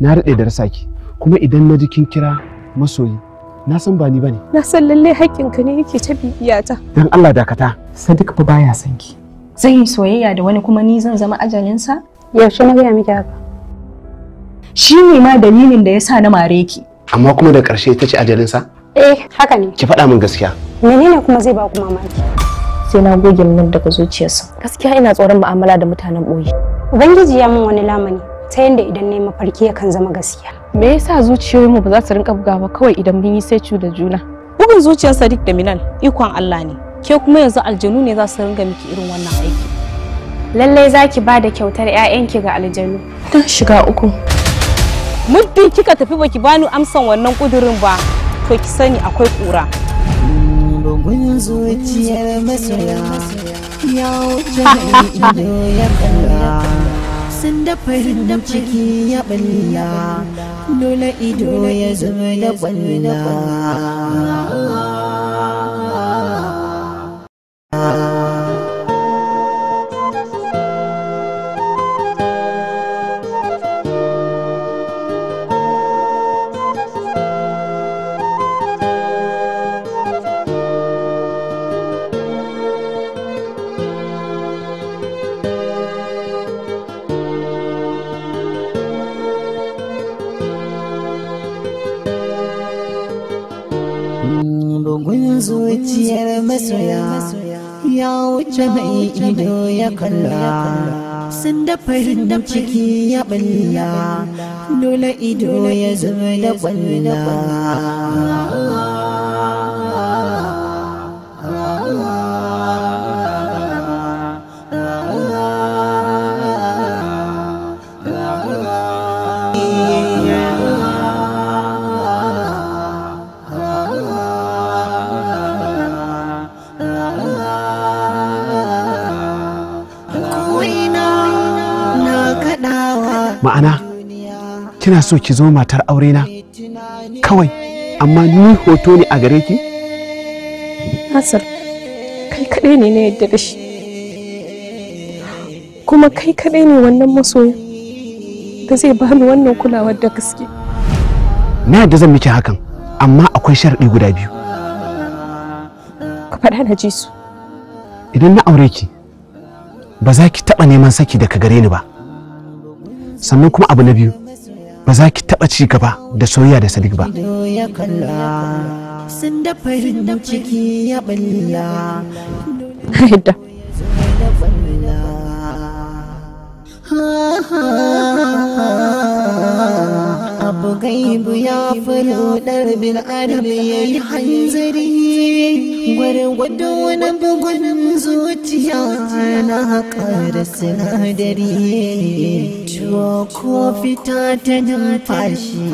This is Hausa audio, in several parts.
na rade da rasa ki kuma idan na ji kin kira masoyi na san ba ni bane na san lalle ka ne yake ta bibiyata dan Allah dakata Sadiq fa baya san ki zai yi soyayya da wani kuma ni zan zama ajalinsa yaushe na ga miki haka shi ne ma dalilin da yasa na mare ki amma kuma da ƙarshe ta ce sa eh haka ne ki faɗa min gaskiya menene kuma zai ba ku mamaki sai na goge min daga zuciyarsa gaskiya ina tsoron mu'amala da mutanen ɓoye ubangiji ya min wani lamani ta yadda idan ne mafarki yakan zama gaskiya me yasa zuciyoyinmu ba za su rinka buga ba kawai idan mun yi sai da juna bugun zuciyar Sadiq da Minal ikon Allah ne ke kuma yanzu aljanu ne za su ringa miki irin wannan aiki lallai zaki ba da kyautar 'ya'yanki ga aljanu don shiga uku muddin kika tafi baki bani amsan wannan kudurin ba to ki sani akwai kura masoya ya wuce ya kalla sun da farin ciki ya balla dole ido ya zama da balla farin ciki ya balla dole ido ya zama da balla kina so ki zama matar aure na kawai amma ni hoto ne a gare ki Nasir kai kadai ne na yadda da shi kuma kai kadai ne wannan masoyin da zai ba ni wannan kulawar da gaske na yadda zan miki hakan amma akwai sharadi guda biyu ka faɗa na ji su idan na aure ki ba za ki taɓa neman saki daga gare ni ba sannan kuma abu na biyu ba za ki taɓa ci gaba da soyayya da sadiq ba. ciki Abu gaibu ya fulo ɗarbin adam ya yi hanzari. gwargwado wani bugun zuciya na haƙa da sinadari ciwo ko fita ta numfashi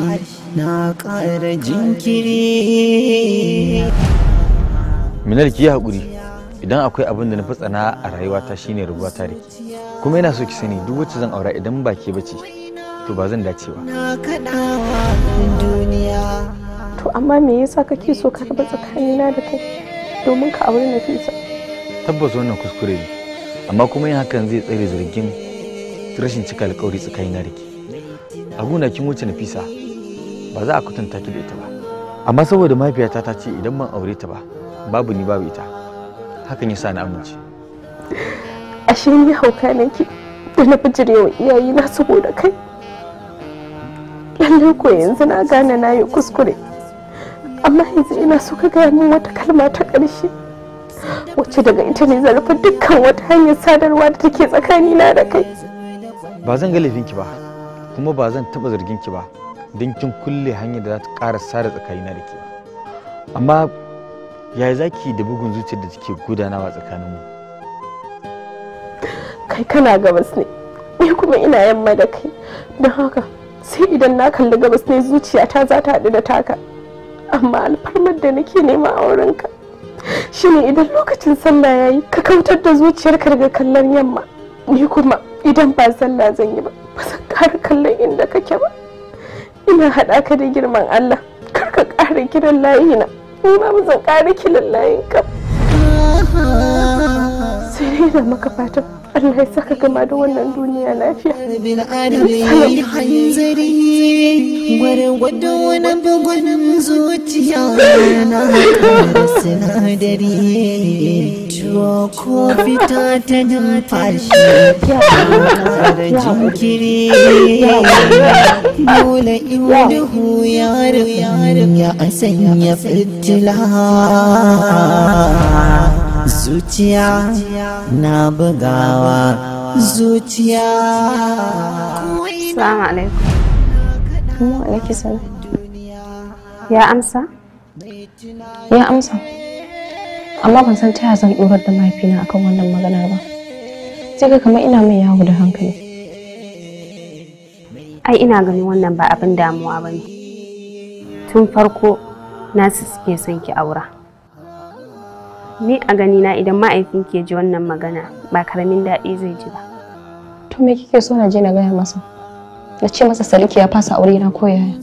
na ƙara jinkiri minar ki haƙuri idan akwai abin da na fi tsana a rayuwata shine rubuta tare, kuma yana so ki sani duk wacce zan aura idan ba ke bace to ba zan dace ba to amma me yasa kake so ka raba tsakanina da kai domin ka na Nafisa. Tabbas wannan kuskure ne, amma kuma yin hakan zai tsare zargin rashin cika alkawari tsakanin na ke. A gona kin wuce Nafisa, ba za a kwatanta ki da ita ba. Amma saboda mafiyata ta ce idan ban aure ta ba, babu ni babu ita. Hakan ya sa na amince. Ashe ni hauka nake da na wa iyayena saboda kai. Lallai ko yanzu na gane na yi kuskure. amma yanzu ina so ka gaya min wata kalma ta ƙarshe wacce daga ita ne zarafa dukkan wata hanyar sadarwa da take tsakanina da kai ba zan ga laifinki ba kuma ba zan taɓa zarginki ba don kin kulle hanyar da za ta ƙara sada tsakanina da ke amma yaya za ki da bugun zuciyar da take gudanawa mu. kai kana gabas ne ni kuma ina yamma da kai don haka sai idan na kalli gabas ne zuciyata za ta haɗu da taka amma alfarmar da nake nema a wurinka ne idan lokacin sallah ya yi ka kautar da zuciyarka daga kallon yamma ni kuma idan ba sallah zan yi ba ba zan ƙara kallon inda kake ba ina haɗa ka da girman Allah kar ka ƙara kiran layina ni ma ba zan ƙara kiran layinka sai dai da maka fatan Allah ya saka gama da wannan duniya lafiya bil'adami hanzari gwargwado wani bugun zuciya na da sinadari tuwo ko fita ta numfashi da jinkiri dole iwuduhu yaro ya sanya fitila zuciya na bugawa zuciya salamu alaikum mu alaiki ya amsa ya amsa amma ban san taya zan dorar da mahaifina akan wannan magana ba sai ga kamar ina mai yawo da hankali ai ina ganin wannan ba abin damuwa ba ne tun farko na suke son ki aura ni a gani na idan ma'aikin ke ji wannan magana ba karamin daɗi zai ji ba. To me kike so na je na gaya masa? Na ce masa Saliki ya fasa aure na ko yaya?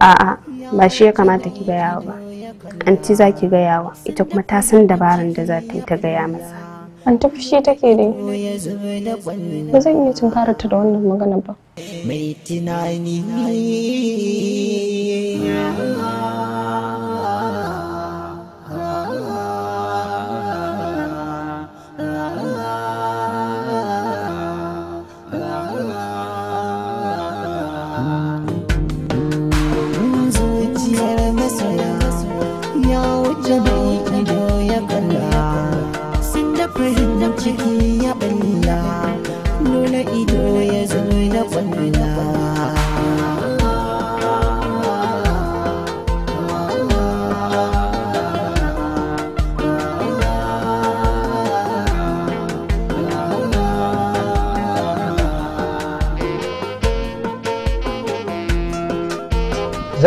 A'a, ba shi ya kamata ki gaya ba. Anti za ki gaya wa, ita kuma ta san dabaran da za ta yi ta gaya masa. An ta fushi take dai. Ba zan iya tunkara ta da wannan magana ba. Mai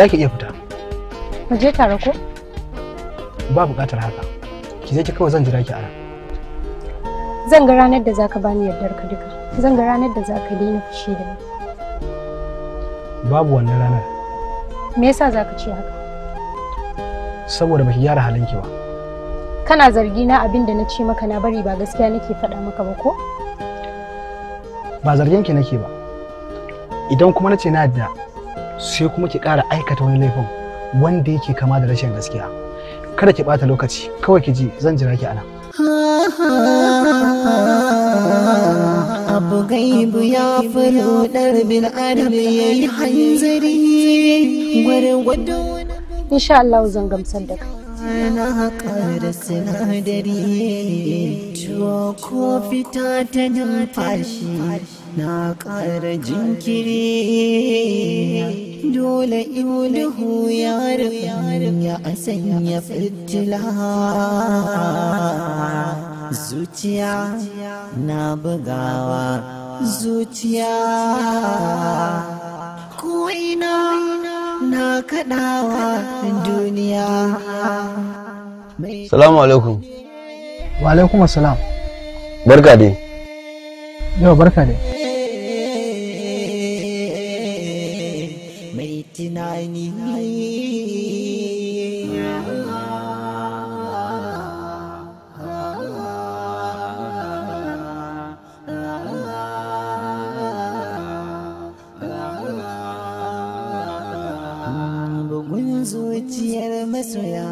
za ki iya fita mu je tare ko ba buƙatar haka ki je ki kawai zan jira ki a zan ga ranar da zaka bani yardar ka duka zan ga ranar da zaka daina fushi da ni babu wannan ranar me yasa zaka ce haka saboda baki gyara halinki ba kana zargi na abin da na ce maka na bari ba gaskiya nake faɗa maka ba ko ba zargin ki nake ba idan kuma na ce na da sai kuma ki ƙara aikata wani laifin wanda yake kama da rashin gaskiya kada ki ɓata lokaci kawai ki ji zan jira ki anan abu gaibu ya furo ɗar bin adam ya yi hanzari insha Allah zan gamsar da kai na ƙara sinadari ciwo ko fita ta numfashi na ƙara jinkiri dole iluhu ya ya a sanya fitila zuciya na bugawa zuciya ko ina na kadawa duniya salamu alaikum wa alaikum assalam barka dai yau barka dai zuciyar masoya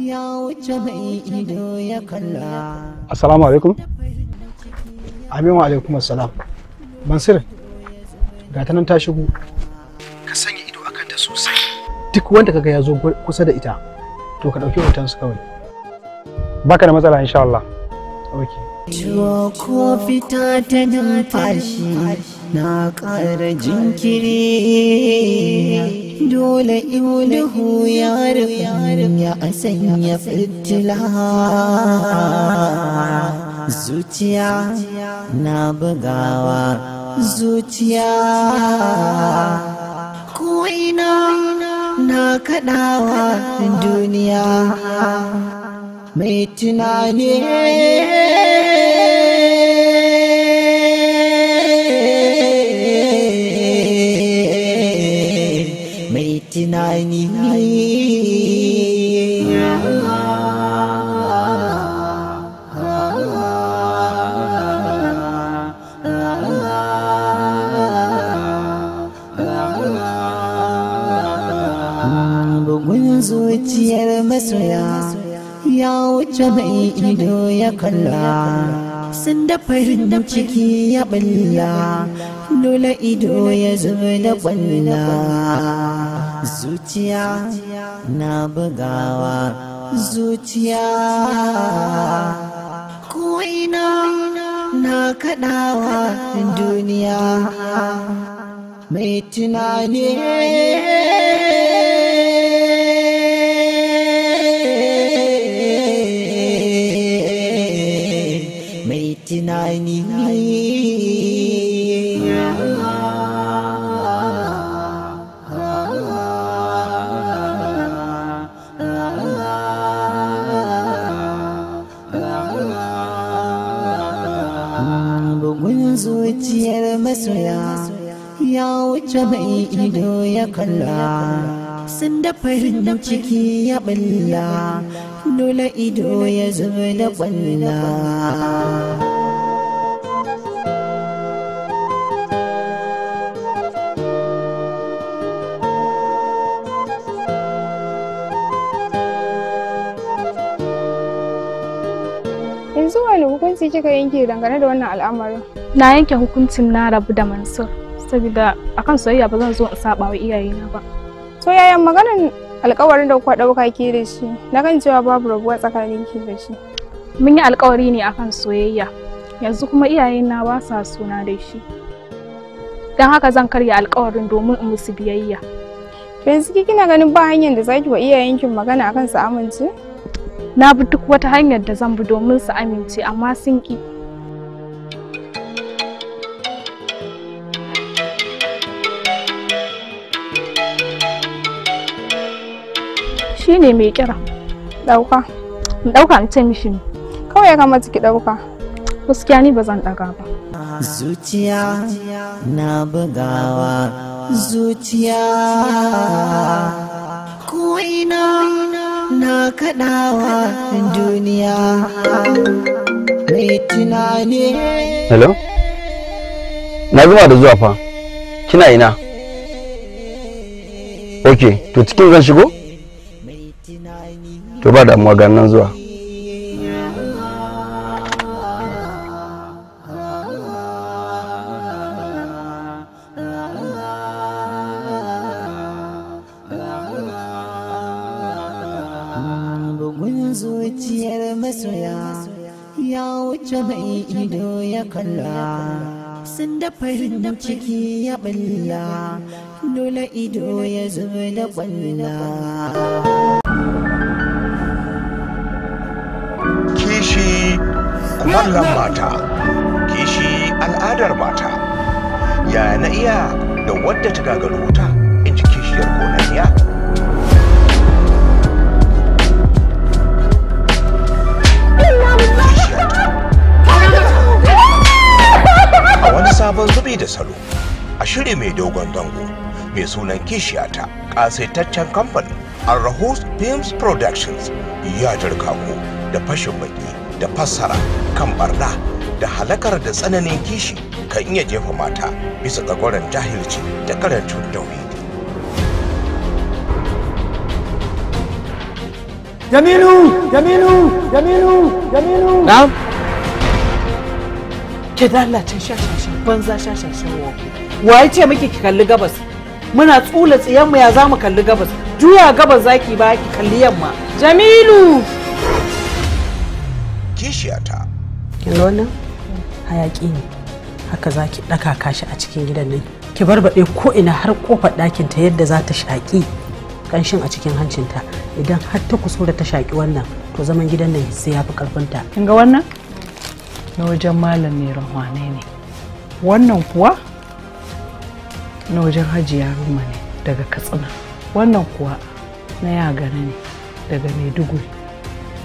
ya wuce mai ido ya kalla assalamu alaikum amin wa alaikum assalam mansur ga ta nan ta shigo ka sanya ido a kanta sosai duk wanda kaga ya zo kusa da ita to ka ɗauki hotonsu kawai baka da matsala insha Allah okay. Tuwo ko fita ta numfashi na ƙara jinkiri dole ilahu ya ya a sanya fitila zuciya na bugawa zuciya ko na kaɗawa duniya mai tunani tunani zuciyar masoya ya wuce mai ido ya kalla sun da farin ciki ya balla lula ido ya zubi da ƙwalla zuciya na bugawa zuciya ko'ina na kaɗawa duniya mai tunani tunani shafa'i ido ya kalla sun da farin ciki ya balla dole ido ya zuba da balla yanzu wani hukunci kika yanke dangane da wannan al'amarin na yanke hukuncin na rabu da mansur saboda akan soyayya ba zan zo in saba wa iyayena ba to yayan maganan alƙawarin da kuka ɗauka ke da shi na kan cewa babu rabuwa tsakanin ki da shi mun yi alƙawari ne akan soyayya yanzu kuma iyayena ba sa suna da shi don haka zan karya alƙawarin domin in musu biyayya to yanzu ki kina ganin ba hanyar da zaki wa iyayenkin magana akan su amince na bi duk wata hanyar da zan bi domin su amince amma sun ki shi ne mai kira ɗauka in dauka in ce mishi ne kawai ya kamata ki ɗauka gaskiya ni ba zan ɗaga ba zuciya na bugawa zuciya ko ina na kaɗawa duniya mai tunani hello na zuma da zuwa fa kina ina ok to cikin zan shigo to ba damuwa ga nan zuwa zuciyar masoya ya wuce mai ido ya kalla sun da ciki ya balla dole ido ya zo da ɓalla. Wannan mata, kishi al'adar mata, ya na iya da wadda ta gagara wuta in ji kishiyar gonaniya. A wani sabon zubi da salo, a shiri mai dogon dango, mai sunan kishiyata, ƙasaitaccen kamfanin Arahus Films Productions ya jirka ku da fashin baki. da fassara kan barna da halakar da tsananin kishi kan iya jefa mata bisa tsagoron jahilci da karancin tauhidi. Jaminu! Jaminu! Jaminu! Jaminu! Na'am? Ke dalacin shashashin banza shashashin Wa ya ce muke ki kalli gabas? Muna tsula tsiyanmu ya za mu kalli gabas. Juya gabas zaki ba ki kalli yamma. Jamilu! kishiyata kin ga wannan hayaki ne haka za ki ɗaka kashi a cikin gidan nan ki barbaɗe ko ina har kofar ɗakin ta yadda za ta shaƙi ƙanshin a cikin hancinta idan har ta kuso da ta shaƙi wannan to zaman gidan nan sai ya fi ƙarfinta kin ga wannan na wajen malam ne rahwane ne wannan kuwa na wajen hajiya ruma ne daga katsina wannan kuwa na yagana ne daga maiduguri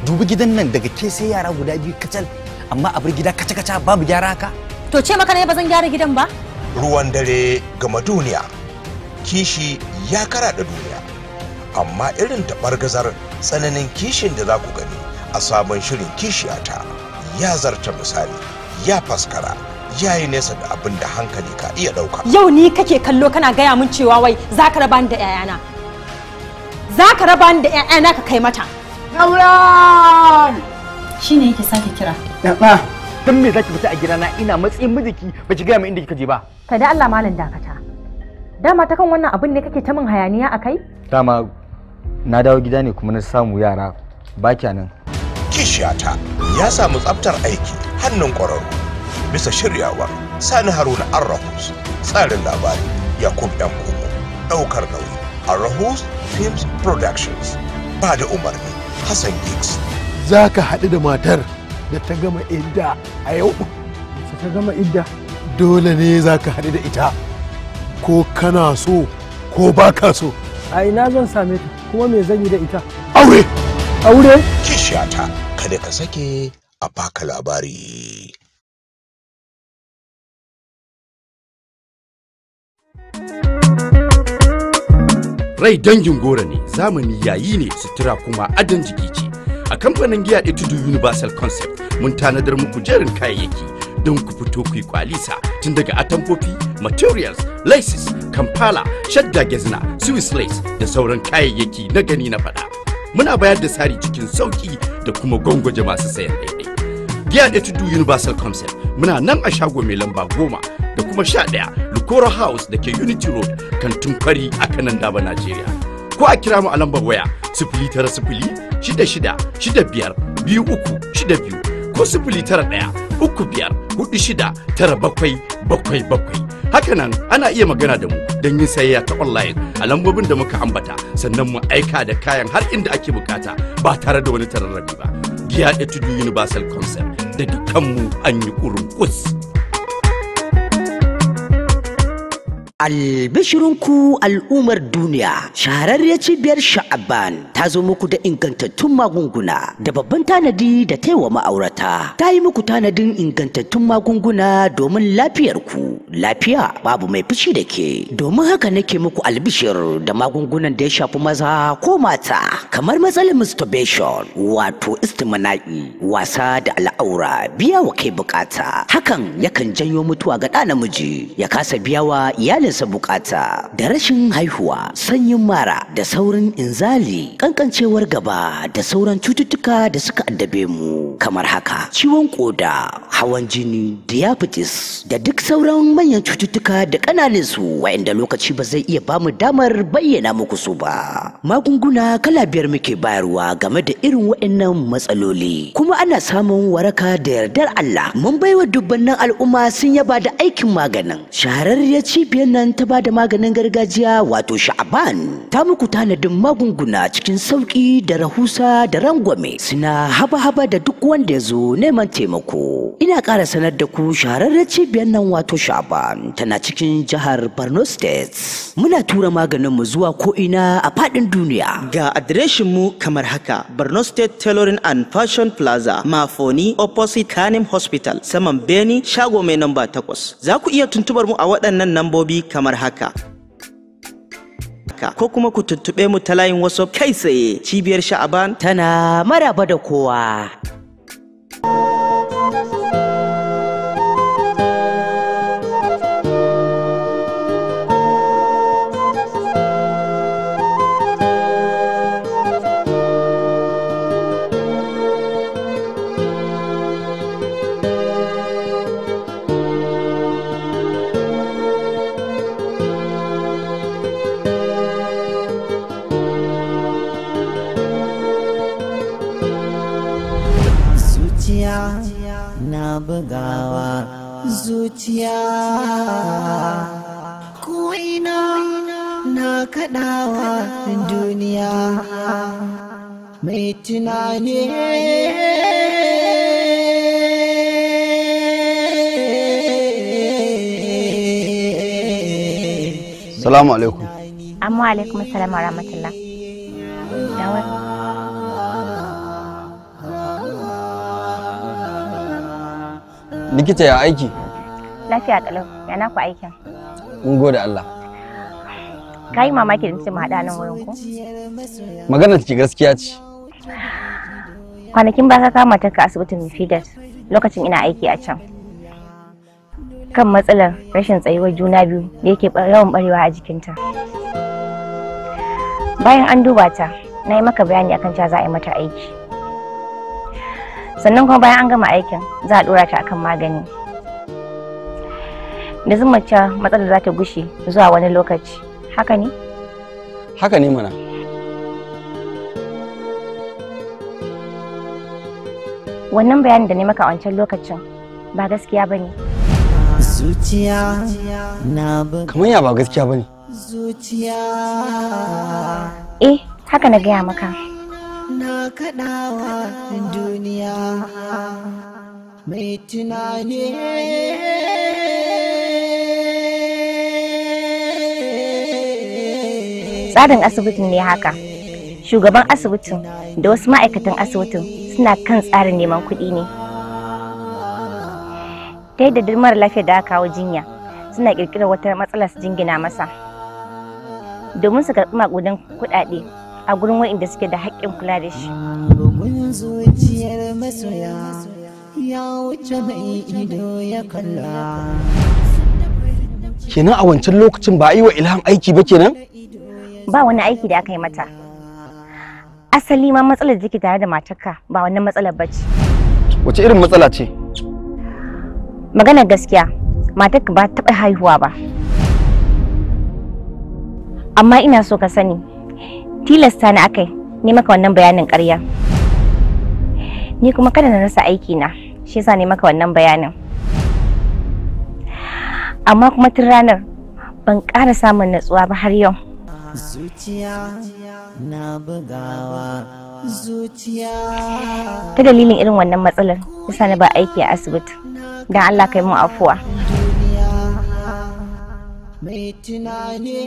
dubi gidan nan daga ke sai yara guda biyu kacal amma a bar gida kaca-kaca babu gyara haka to ce maka ne ba zan gyara gidan ba ruwan dare gama duniya kishi ya kara da duniya amma irin gazar tsananin kishin da za ku gani a sabon shirin kishi a ta ya zarta misali ya faskara ya yi nesa da abin da hankali ka iya ɗauka yau ni kake kallo kana gaya min cewa wai za ka raba ni da 'ya'yana za raba ni da 'ya'yana ka kai mata auren shi ne yake sake kira ɗanɗa don me zaki fita a gidana ina matsayin mijiki ba ki gaya min inda kika je ba ka da Allah malam dakata dama ta kan wannan abin ne kake ta min hayaniya a kai dama na dawo gida ne kuma na samu yara ba nan kishiyata ya samu tsaftar aiki hannun ƙwararru bisa shiryawa sani haruna arrahus tsarin labari yakub ɗan kuma ɗaukar nauyi arrahus films productions ba da umarni Hassan Gates. Za ka haɗu da matar da ta gama idda a yau. da ta gama idda? Dole ne za ka haɗu da ita ko kana so ko ba ka so. A ina zan same ta kuma me zan yi da ita? Aure! Aure? Kishiyata kada ka sake a baka labari. rai dangin goro ne zamani yayi ne sutura kuma adon jiki ce a kamfanin giya etudu universal concept mun tanadar muku jerin kayayyaki don ku fito ku kwalisa tun daga atamfofi materials laces kampala shadda gezna swiss lace da sauran kayayyaki na gani na fada muna bayar da tsari cikin sauki da kuma gwangwaje masu sayan daidai giya etudu universal concept muna nan a shago mai lamba goma da kuma sha ɗaya Kora House da ke Unity Road kan fari a kanan daba Najeriya. Ko a kira mu a lambar waya sifili tara sifili shida shida shida biyar biyu uku shida biyu ko sifili tara ɗaya uku biyar hudu shida tara bakwai bakwai bakwai. Hakanan ana iya magana da mu don yin sayayya ta online a lambobin da muka ambata sannan mu aika da kayan har inda ake bukata ba tare da wani tararrabi ba. Giya Etudu Universal Concept da dukkanmu an yi kurun kus. Albishirinku al'ummar duniya shahararriyar cibiyar sha'aban ta zo muku da ingantattun magunguna da babban tanadi da taiwa ma'aurata ta yi muku tanadin ingantattun magunguna domin lafiyarku lafiya babu mai fushi da ke domin haka nake muku albishir da magungunan da ya shafi maza ko mata kamar matsalar masturbation wato istimana'i wasa da al'aura biya wa kai bukata hakan yakan janyo mutuwa ga ɗa namiji ya kasa biyawa iyalin nesa bukata da rashin haihuwa sanyin mara da saurin inzali kankancewar gaba da sauran cututtuka da suka addabe mu kamar haka ciwon koda hawan jini diabetes da duk sauran manyan cututtuka da kananan su wa'inda lokaci ba zai iya bamu damar bayyana muku su ba magunguna kala biyar muke bayarwa game da irin wa'innan matsaloli kuma ana samun waraka da yardar Allah mun baiwa dubbannin al'umma sun yaba da aikin maganin shahararriyar cibiyar nan ta ba da maganin gargajiya wato sha'aban ta muku tanadin magunguna cikin sauki da rahusa da rangwame suna haba-haba da duk wanda ya zo neman taimako ina ƙara sanar da ku shahararren cibiyar nan wato Shaban tana cikin jihar Borno State. Muna tura maganin mu zuwa ko ina a faɗin duniya. Ga adireshin mu kamar haka Borno State Tailoring and Fashion Plaza, Mafoni, opposite Kanem Hospital, saman Beni, shago mai namba takwas. Za ku iya tuntubar mu a waɗannan nambobi kamar haka. ko kuma ku tuntuɓe mu ta layin wasu kai tsaye cibiyar sha'aban tana maraba da kowa. zuciya ko ina na kaɗawa duniya mai tunani salamu alaikum amma alaikum salamu rahmatullah likita ya aiki Lafiya kalau. Ya na ku aikin. Mun gode Allah. Ka yi mamaki da mutum haɗa nan wurin ku? magana take gaskiya ce. Kwanakin ba ka kama ta ka asibitin Mifidat lokacin ina aiki a can. kan matsalar rashin tsayuwar juna biyu da yake yawan barewa a jikinta. Bayan an duba ta, na yi maka bayani akan cewa za a yi mata aiki. Sannan kuma bayan an gama aikin, za a ɗora ta akan magani. da zumunta matsalar za ta gushe zuwa wani lokaci haka ne haka ne mana wannan bayanin da ne maka wancan lokacin ba gaskiya ba ne zuciya na kamar ya ba gaskiya ba ne zuciya eh haka na gaya maka na kadawa duniya mai tunani tsarin asibitin ne haka shugaban asibitin da wasu ma'aikatan asibitin suna kan tsarin neman kuɗi ne ta yadda mara lafiya da aka kawo jinya suna ƙirƙirar wata matsala su jingina masa domin su karɓi maƙudan kuɗaɗe a gurin waɗanda suke da haƙƙin kula da shi kenan a wancan lokacin ba a yi wa ilham aiki ba kenan ba wani aiki da aka yi mata asali ma matsalar da tare da matarka ba wannan matsalar ce wace irin matsala ce magana gaskiya matarka ba taɓa haihuwa ba amma ina so ka sani tilasta ni akai ne maka wannan bayanin ƙarya ni kuma kada na rasa aiki na shi yasa ne maka wannan bayanin amma kuma tun ranar ban ƙara samun natsuwa ba har yau na bugawa ta dalilin irin wannan matsalar yasa na ba aiki a asibiti don Allah kai mu afuwa mai tunani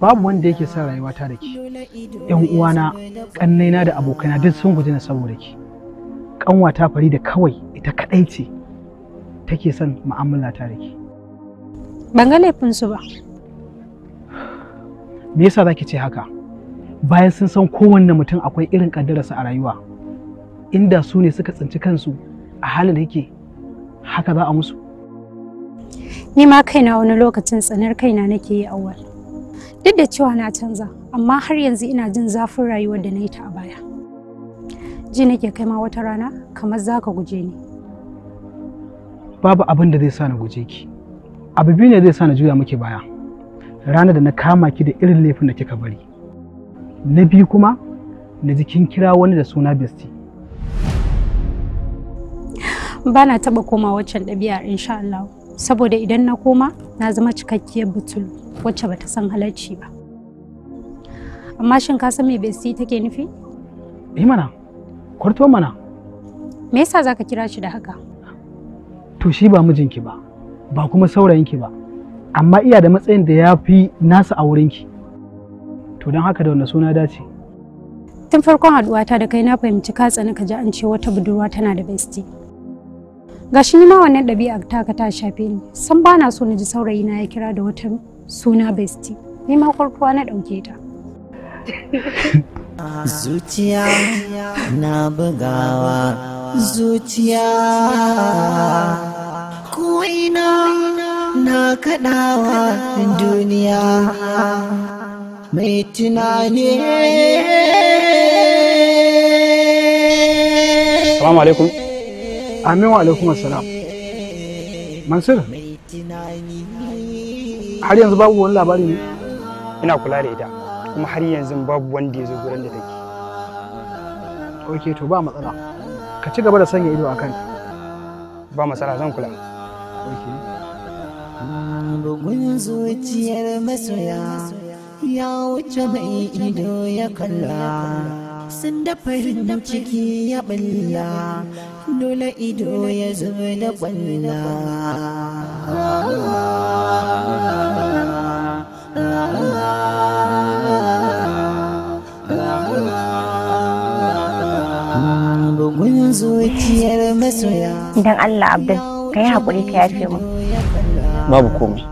babu wanda yake son rayuwa ta da ke yan uwana kannaina da abokaina duk sun guji na saboda ke. kanwa ta fari da kawai ita kadai ce take son mu'amala ta da ke ban ga laifin su ba me yasa zaki ce haka bayan sun san kowanne mutum akwai irin kaddararsa a rayuwa inda su ne suka tsinci kansu a halin da yake haka za a musu Ni ma kaina wani lokacin tsanar kaina nake yi awal. Duk da cewa na canza, amma har yanzu ina jin zafin rayuwar da na yi ta a baya. Ji nake kai ma wata rana kamar za ka guje ni. Babu abin da zai sa na guje ki. Abu biyu ne zai sa na juya miki baya. Ranar da na kama ki da irin laifin da kika bari. Na biyu kuma, na ji kin kira wani da suna Besti. Ba na taɓa koma waccan in insha Allah. saboda idan na koma na zama cikakkiyar butulu wacce bata san halarci ba amma shin ka san me besi take nufi eh mana kwarto mana me yasa zaka kira shi da haka to shi ba mijinki ba ba kuma saurayinki ba amma iya da matsayin da ya fi nasa a wurinki to don haka da wanda suna dace tun farkon haduwata da kai na fahimci ka tsani ka ji an ce wata budurwa tana da besti gashi ni ma wannan ɗabi'ar taka ta shafe ni san ba na so na ji saurayi na ya kira da wata suna besti ni ma kwarkuwa na ɗauke ta zuciya na bugawa zuciya ko'ina na kaɗawa duniya mai tunani Assalamu alaikum. amin wa alaikum assalam mansur har yanzu babu wani labari ne ina kula da ita kuma har yanzu babu wanda ya zo gurin da take ok to ba matsala ka ci gaba da sanya ido a kan ba matsala zan kula bugun zuciyar masoya ya wuce mai ido ya kalla sun da farin ciki ya balla dole ido ya zo da balla masoya don Allah abdul ka yi haƙuri ka yafe mu babu komai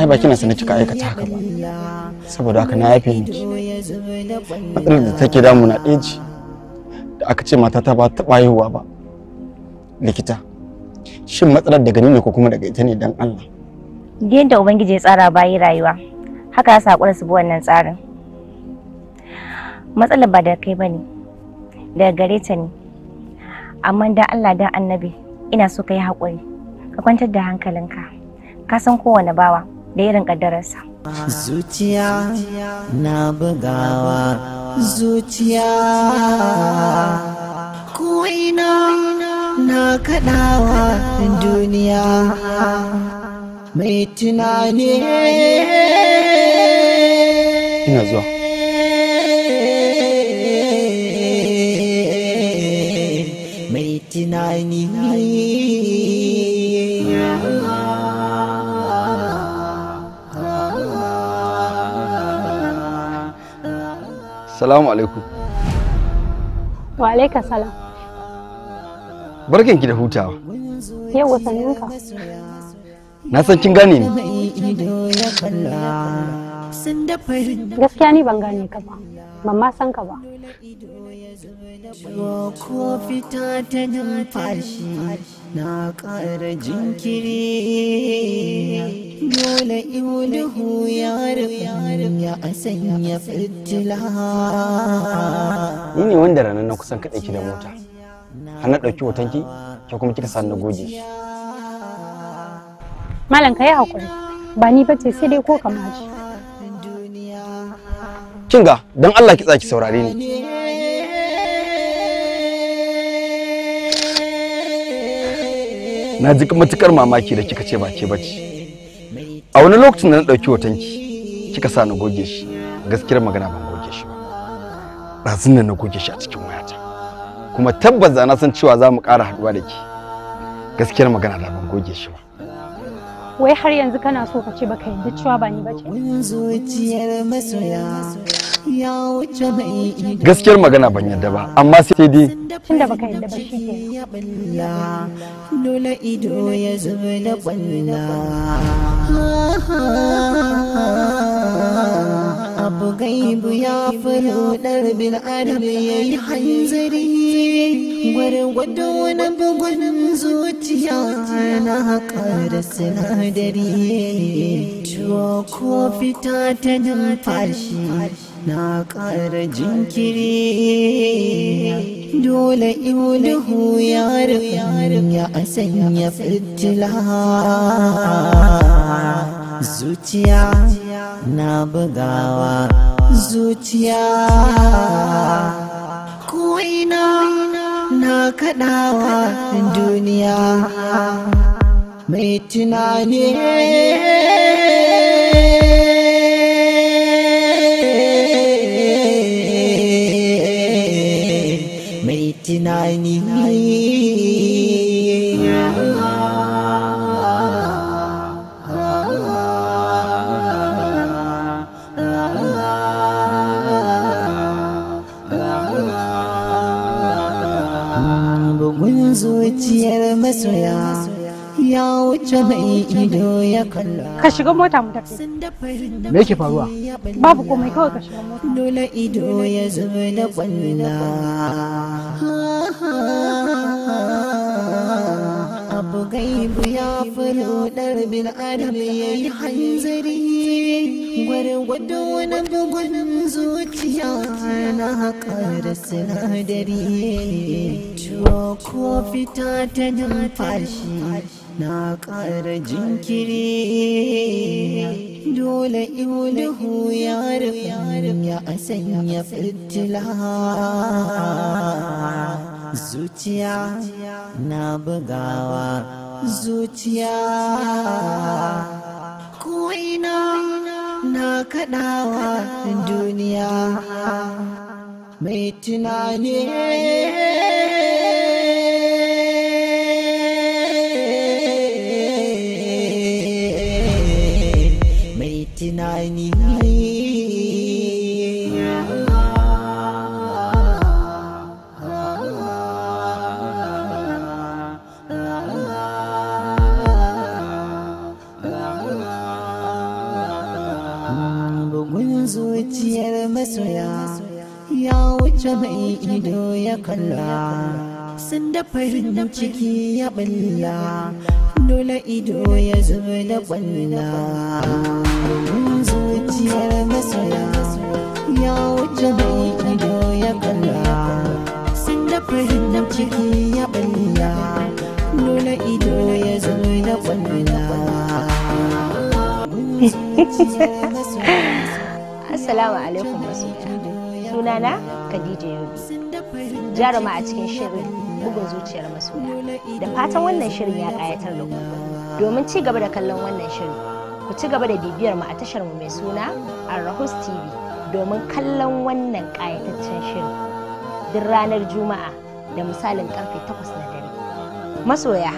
ai ba kina sanar kika aikata haka ba saboda haka na yafe miki matsalar da take damu na ɗaya da aka ce mata ta ba ta haihuwa ba likita shin matsalar daga ni ne ko kuma daga ita ne dan Allah yadda ubangiji ya tsara bayi rayuwa haka ya saƙura su bi wannan tsarin matsalar ba da kai ba ne daga gare ta ne amma dan Allah dan annabi ina so ka yi haƙuri ka kwantar da hankalinka ka san kowane bawa da irin kaddararsa zuciya na bugawa zuciya ko'ina na kadawa duniya mai tunani ina zuwa Salamu alaikum. Wa alaika salam. Barkinki da hutawa. Yau wasanninka. Na san kin gane ni. Gaskiya ni ban gane ka ba, ban ma san ka ba. Ko fita ta numfashi. na ƙara jinkiri dole iluhu ya a sanya fitila ni ne wanda ranar na kusan kaɗai da mota hana ɗauki hotonki ki kuma kika sa na goge malam ka yi haƙuri ba ni bace sai dai ko kamar shi kinga don allah ki tsaki saurare ne. na ji matukar mamaki da kika ce ba ke bace a wani lokacin da na ɗauki hotonki kika sa na goge shi gaskiyar magana ban goge shi ba ɗazun na goge shi a cikin wayata kuma tabbas da na san cewa za mu ƙara haɗuwa da ki gaskiyar magana da ban goge shi ba wai har yanzu kana so ka ce baka yanzu cewa ba ni bace gaskiyar magana ban yarda ba amma sai dai tunda baka yarda ba shi dole ido ya zuba na kwalla abu gaibu ya furo dar bil ya yayi hanzari gwargwado na bugun zuciya na da sinadari ciwo ko fita ta numfashi na ƙara jinkiri dole iluhu yaro ya asanya fitila zuciya na bugawa zuciya ko'ina na kaɗawa duniya mai tunani mai tunani zuciyar masoya ya wuce mai ido ya kalla ka shiga mota mu tafi me ke faruwa babu komai kawai ka shiga mota dole ido ya zo da kwalla abu gaibu ya furo dar bil adam yayi hanzari gwarin na bugun zuciya na haka da sinadari ciwo ko fita ta numfashi na ƙara jinkiri dole iluhu yarin ya asan ya fitila zuciya na bugawa zuciya ko ina na kaɗawa duniya mai tunani mai tunani wuta ido ya kalla sun da farin ciki ya balla dole ido ya zo da balla zuciyar masoya ya wuce mai ido ya kalla sun da farin ciki ya balla dole ido ya zo da balla Assalamu alaikum masoya sunana Khadija Yobi jaruma a cikin shirin bugun zuciyar masoya da fatan wannan shirin ya kayatar da ku domin ci gaba da kallon wannan shirin ku ci gaba da bibiyar mu a tashar mu mai suna Arrahus TV domin kallon wannan kayataccen shirin duk ranar Juma'a da misalin karfe 8 na dare masoya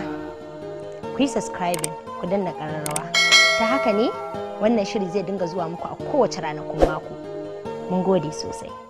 ku yi subscribing ku danna kararrawa ta haka ne wannan shiri zai dinga zuwa muku a kowace rana ranakun mako mun gode sosai